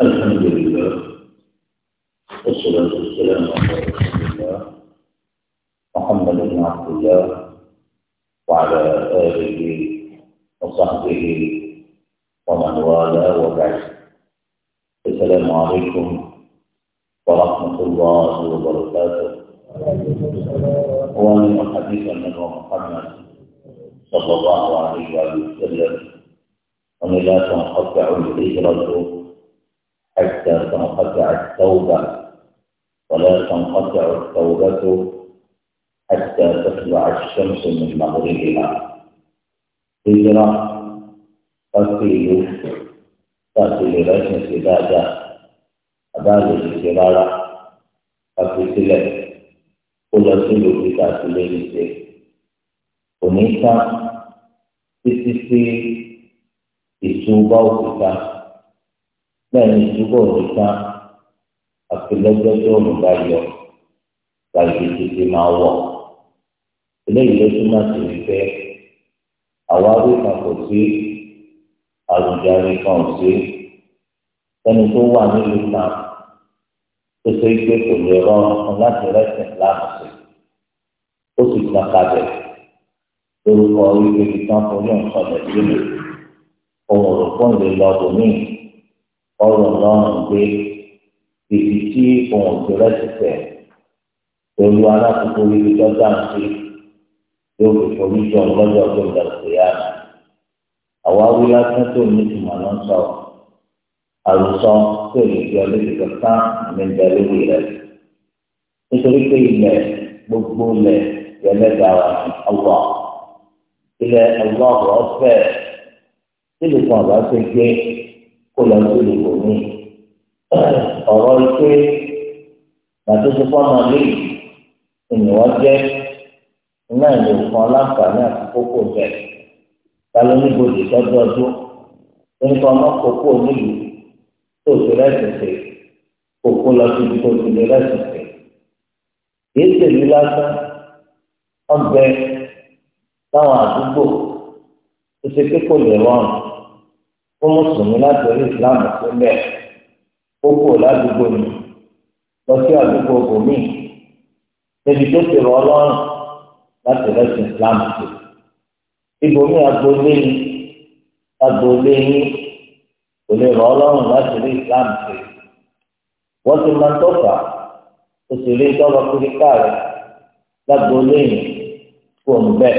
الحمد لله والصلاة والسلام على رسول الله محمد بن عبد الله وعلى آله وصحبه ومن والاه وبعد السلام عليكم ورحمة الله وبركاته ومن حديث من محمد صلى الله عليه وسلم ومن لا تنقطع الهجرة حتى تنقطع التوبة ولا تنقطع التوبة حتى تطلع الشمس من مغربها هجرة تقيل تقيل رجل سدادة أباد الجرارة تقيل كل سلو في تقيل ونيسا تسيسي ìṣubá òkúta bẹ́ẹ̀ ni ìdúgbò rẹ̀ tán àfilọ́jọ́ tó ń bá yọ gbàgbé títí máa wọ̀ eléyìí ló túmọ̀ sí wípé àwa wí kan kò sí àrùjáre kan ò sí ẹni tó wà nílùú kan tó ṣe pé kò lè rọrùn láti rẹ́sìn láàmùsùn ó sì gbọ́n kalẹ̀ lórúkọ wípé kí wọ́n forí nǹkan lẹ̀ sílẹ̀ ohun òrùkún lè lọ bòmíì ọrọ̀ lọ́rùn gbé ibi tí òun ti rẹ́sì tẹ̀ pẹ̀lú alákòókò ibi tó dáhùn sí yóò fi forí jọ lọ́jọ́ tó ń dàgbé yá. àwa wí lásán tó ní ìmọ̀ ló ń sọ àròsọ tó lè fi ọdún ti kankan ní lórí rẹ̀ nítorí pé ilẹ̀ gbogbo ilẹ̀ yẹlẹ́gà wà ní ọwọ́ ilẹ̀ ọwọ́ ọ̀fẹ́ sílùkùn àbá tó gbé kó lọ sí ìbò mi ọ̀rọ̀ ike gbàtúntò fọ́ọ̀mù mi ènìyàn jẹ́ iná ìlú kan láǹfààní àti kókó bẹ́ẹ̀ talo níbodè tọ́jú ọdún nípa ọmọkókó nílùú tó ti rẹ́sì pé kókó lọ sí ibi tó ti lè rẹ́sì pé kìí tèmi lásán ọbẹ̀ táwọn àdúgbò tó ṣe pé rọrùn ó mùsùlùmí láti orí islam sílẹ̀ ó kò ládùúgbò mi lọ sí àdúgbò bòmí níbi tó ti rọ ọlọ́run láti rẹ́sì islam sí ibòmí agboolé ni agboolé ni kò lè rọ ọlọ́run láti rí islam sí wọ́n ti máa tọ́fà ó sì rí tọ́lọ kiri káàrẹ̀ lágboolé ni kò ń bẹ̀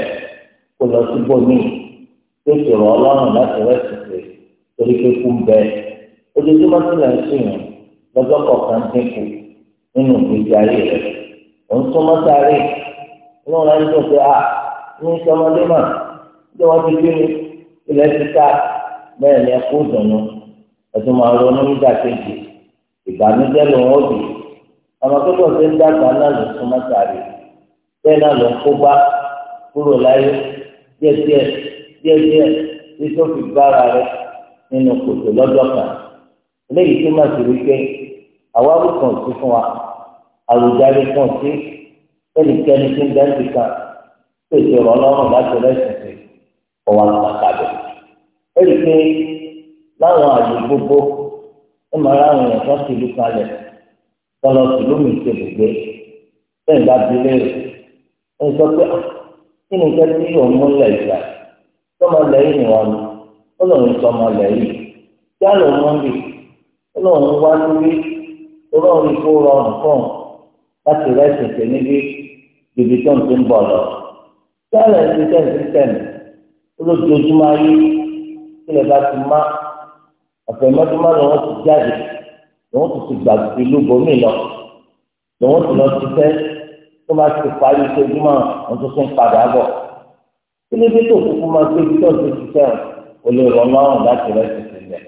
kó lọ sí bòmí tó ti rọ ọlọ́run láti rẹ́sì sí. torí pé kú bẹ ojoojúmọ́ tí lè ń sèyàn lọ́jọ́ kọ̀ọ̀kan dínkù nínú ìgbésí ayé rẹ̀ òun súnmọ́ sáré inú rẹ̀ ń dùn a ní sọmọdé mà ní wọ́n ti bí mi ilẹ̀ ti ká bẹ́ẹ̀ ni ẹkú dùnú ẹtù máa nígbà kejì ìbànújẹ́ ló ń àwọn ń dàgbà náà ló sáré bẹ́ẹ̀ náà ló ń nínú kòtò lọ́jọ́ kan léyìí tó máa ti rí pé àwáwí kan sí fún wa àròjáde kan sí ẹnikẹ́ni tí ń bẹ́ẹ̀ ti kan pèsè ọ̀rọ̀ ọlọ́run láti rẹ́sìn sí ọ̀wà pàtàkì ẹ̀rí pé láwọn àyè gbogbo ẹ máa ráwọn èèyàn kan sì lù kalẹ̀ tọ́lọ tìlú mi ṣe gbogbo bẹ́ẹ̀ bá di léèrè ẹ sọ pé ah, kí ni kẹ́tí yóò mú lẹ̀ ìgbà tọ́mọ lẹ́yìn ìwọ̀n mi ó lóun sọmọ lẹ́yìn tí a lòun mọ́ wá lórí ó kó rọrùn fún láti rẹ́ tètè níbi bìbí tó ń ti ń bọ̀ lọ. tí ti tẹ̀ sí tẹ̀mí ayé tí bá ti má ọ̀sẹ̀ mọ́tòmọ́ lòun ti jáde lòun ti ti gbàgbé lóbomí lọ lòun ti lọ ti tó bá ti parí ojoojúmọ́ wọn tó tún padà bọ̀ kí ló dé tó kúkú máa gbé ibi tó ń ti ṣiṣẹ́ ọ̀ olórí ọlọ́run láti rẹ ti sílẹ̀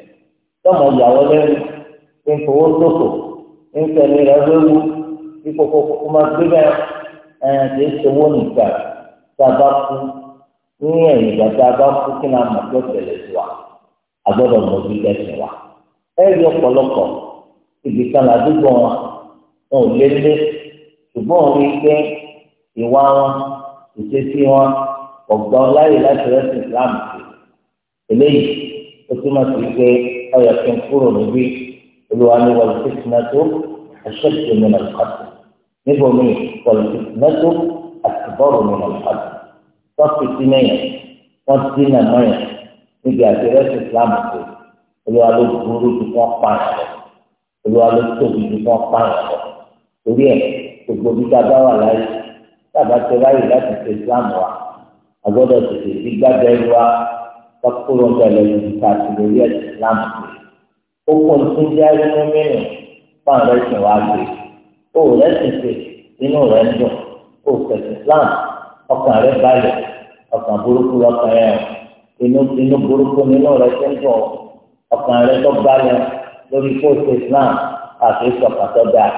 tọmọ ìyàwó lẹ́nu ń fowó sóko ń tẹ̀lé rẹ léwu ipò kókó máa gbé bẹ́ẹ̀ ẹ̀ kì í ṣòwò nìkan tá a bá kú ní ẹ̀yìn ìgbà tá a bá kú kí náà mọ̀ tó tẹ̀lé sí wa a mọ̀ bí lẹ́sìn wa ẹ rí ọ̀pọ̀lọpọ̀ ibi kan ládùúgbò wọn ò lé ṣùgbọ́n rí pé ìwà wọn ìṣesí wọn ọ̀gbọ́n láyè láti rẹ́sìn Islam sí eléyìí ó túmọ̀ sí pé ọyọ kí n kúrò níbí olúwa ní wọlé fífúnátó aṣọ́ọ̀tì mi nà lùkàtù níbo mi wọlé fífúnátó àtìbọ́rù mi nà lùkàtù tọ́pì sí mẹ́yìn wọ́n ti nà mọ́yìn níbi àtẹ̀rẹ́sì islam tó olúwa ló burú ju wọ́n pààyàn lọ olúwa ló tóbi ju wọ́n pààyàn lọ torí ẹ̀ gbogbo bí ká bá wà láyé tábà tẹ láyè láti ṣe islam wa àgbọ́dọ̀ tètè gbígbá bẹ́ẹ̀ kakúrò ń bẹ̀rẹ̀ lórí káàkiri orí ẹ̀sìn Islam pé ó kó ní tó ń jẹ́ ẹ̀rọ mìíràn fún àwọn ẹ̀sìn wa gbé ó rẹ̀ sì pé inú rẹ̀ ń dùn ó fẹ̀sìn Islam ọkàn rẹ̀ balẹ̀ ọkàn burúkú lọ́kàn yẹn inú inú burúkú nínú rẹ̀ ti ń dùn ọkàn rẹ̀ tó balẹ̀ lórí kóòtù Islam àti ìsọ̀kan tó dáa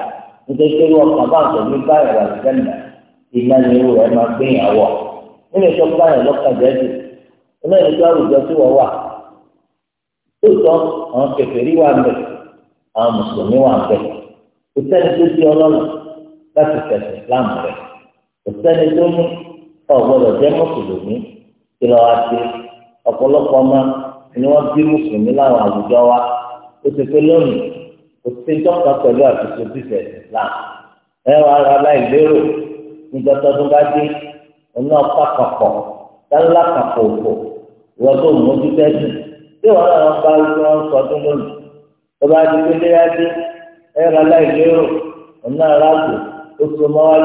nítorí pé ọkàn bá ń tẹ̀ ní báyìí wà lẹ́nu ìmọ̀ ni irú rẹ̀ máa gbé iná ìjọ àwùjọ tí wọ́n wà lóòótọ́ àwọn kèfèrí wà mẹ́ àwọn mùsùlùmí wà mẹ́ kò tó di ọlọ́run láti tẹ̀sí islam rẹ̀ kò sẹ́ni tó ní ọ̀gbọ́dọ̀ jẹ́ mùsùlùmí kí lọ́ọ́ wá sí ọ̀pọ̀lọpọ̀ ọmọ ni wọ́n bí mùsùlùmí láwọn àwùjọ wa ó ti pé lónìí kò sí dọ́kà pẹ̀lú àtúnṣe bíbẹ̀ islam ẹ wàá ra láì lérò nígbà tó ọdún lálá kan fòfò wọ́n tó mójú tẹ́sí tí wọ́n náà bá wípé wọ́n sọ ọdún lónìí tó bá di pé léyàdé ẹ̀rọ aláìlérò ọ̀nà aráàlú ó mọ́ wá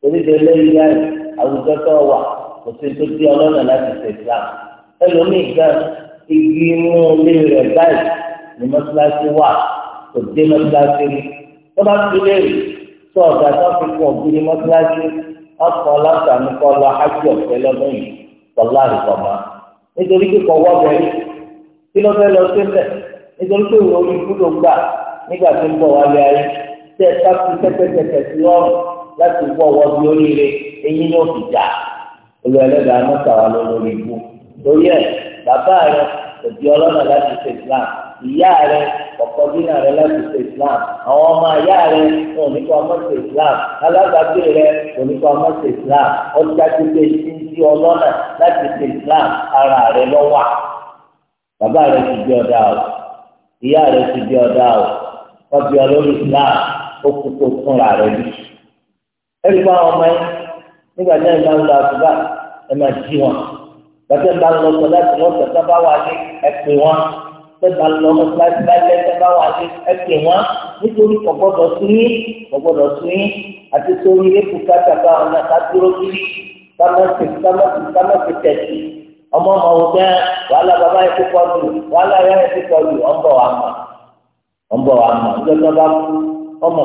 kiri lẹ́yìn láì àwùjọ tó wà kò di ọlọ́nà láti ẹlòmíì gan igi mú ilé rẹ̀ báyìí ní mọ́tíláṣí wà kò dé mọ́tíláṣí tó bá léèrè tó ọ̀gá tó fi kún ọkọ látàmú kọ lọ ájú ọ̀fẹ́ lọ́dún yìí tọ́lá àrùkọ̀mọ́ nítorí kíkọ wọ́bẹ̀rẹ̀ kí ló fẹ́ lọ sílẹ̀ nítorí pé ìwé orí kúló gbà nígbà tó ń bọ̀ wálé ayé tẹ́ ẹ ká fi tẹ́tẹ́tẹ́tẹ́ sí ọ̀rùn láti wọ́ wọ́ bí oríire eyín yóò fi jà olú ẹlẹ́dàá mọ́tàwá lórí ikú lórí ẹ̀ bàbá rẹ̀ òbí ọlọ́nà láti ṣe Islam ìyá rẹ ọ̀pọ̀ dínà rẹ láti ṣe islam àwọn ọmọ ìyá rẹ wọn ò ní kó ọmọ ṣe islam alábàágbé rẹ kò ní kó ọmọ ṣe islam ọjà títí ti ń di ọlọ́nà láti ṣe islam ara rẹ lọ́wọ́ bàbá rẹ ti di ọ̀dà o ìyá rẹ ti di ọ̀dà o wọ́n di islam ó kú kó fúnra rẹ bí. ẹ̀rí fún àwọn ọmọ yẹn nígbà tí ẹ̀ máa ń lọ àtúbà ẹ̀ máa jí wọn gbàtẹ́ bá lọ sọ láti wọ́n tẹ̀sán tẹ́gbà lọ mọ́tíláṣí bá lẹ́sẹ̀ bá wà ní ẹ̀kẹ́ wọn nítorí kò gbọ́dọ̀ sún yín àti torí eku kátàkà ọ̀nà kádúró kiri tẹ̀sí ọmọ ọmọ wàhálà bàbá yẹn ti lù wàhálà yẹn ti lù ọ̀nbọ̀ wà mọ̀ ọ̀nbọ̀ wà mọ̀ bá kú ọmọ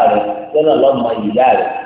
pé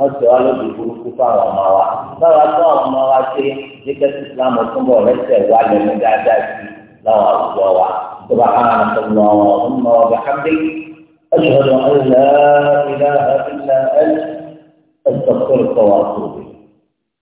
wọ́n ti wá lóde burúkú fáwọn ọmọ wa báwa tó àwọn ọmọ wa ṣe jẹ́kẹ́ sí islam túnbọ̀ lẹ́sẹ̀ wá lẹ́nu dáadáa sí láwọn àwùjọ wa tó bá hàn án tó lọ ọ̀hún lọ ọ̀gá kábí أشهد أن لا إله إلا أنت أستغفرك وأتوب إليك